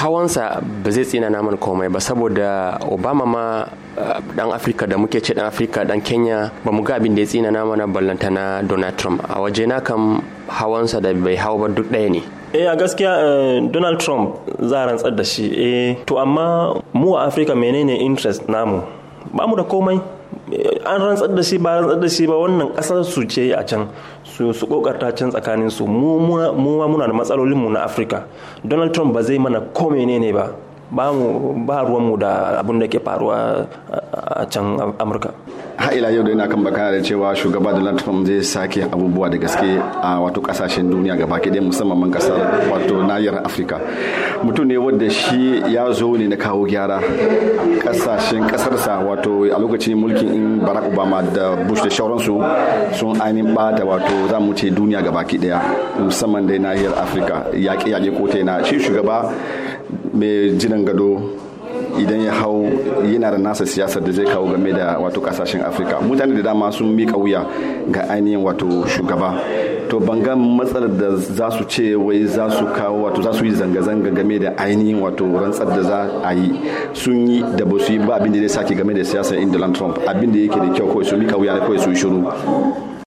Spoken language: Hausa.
hawansa ba zai tsina naman komai ba saboda obama ma dan eh, afirka da muke ce dan afirka dan kenya ba mu ga abin da ya tsina na mana ballanta na donald trump a waje na kam hawansa da bai hau ba duk ɗaya ne eh a gaskiya eh, donald trump za a rantsar da shi eh to amma mu a afirka menene interest namu ba mu da komai an rantsar da shi ba rantsar da shi ba wannan kasar su ce a can su kokarta can tsakanin su mu muna da matsalolinmu na Afirka Donald Trump ba zai mana ko ne ba ba mu ba ruwanmu da abin da ke faruwa a can amurka har ila yau da yana kan bakana da cewa shugaba donald trump zai sake abubuwa da gaske a wato kasashen duniya gaba dai musamman kasar wato nayar afirka mutum ne wanda shi ya zo ne na kawo gyara kasashen kasarsa wato a lokacin mulkin barack obama da bush da shauransu sun ainihin bata wato za mu ce duniya gaba daya musamman da nahiyar afirka yaƙe-yaƙe ko na shi shugaba mai jinan gado idan ya hau yana da nasa siyasar da zai kawo game da wato kasashen afirka mutane da dama sun mika wuya ga ainihin wato shugaba to banga matsalar da za su ce wai za su kawo wato za su yi zanga-zanga game da ainihin wato rantsar da za a yi sun yi da ba su yi ba abin da zai sake game da siyasar inda trump abin da yake da kyau kawai su mika wuya kawai su shiru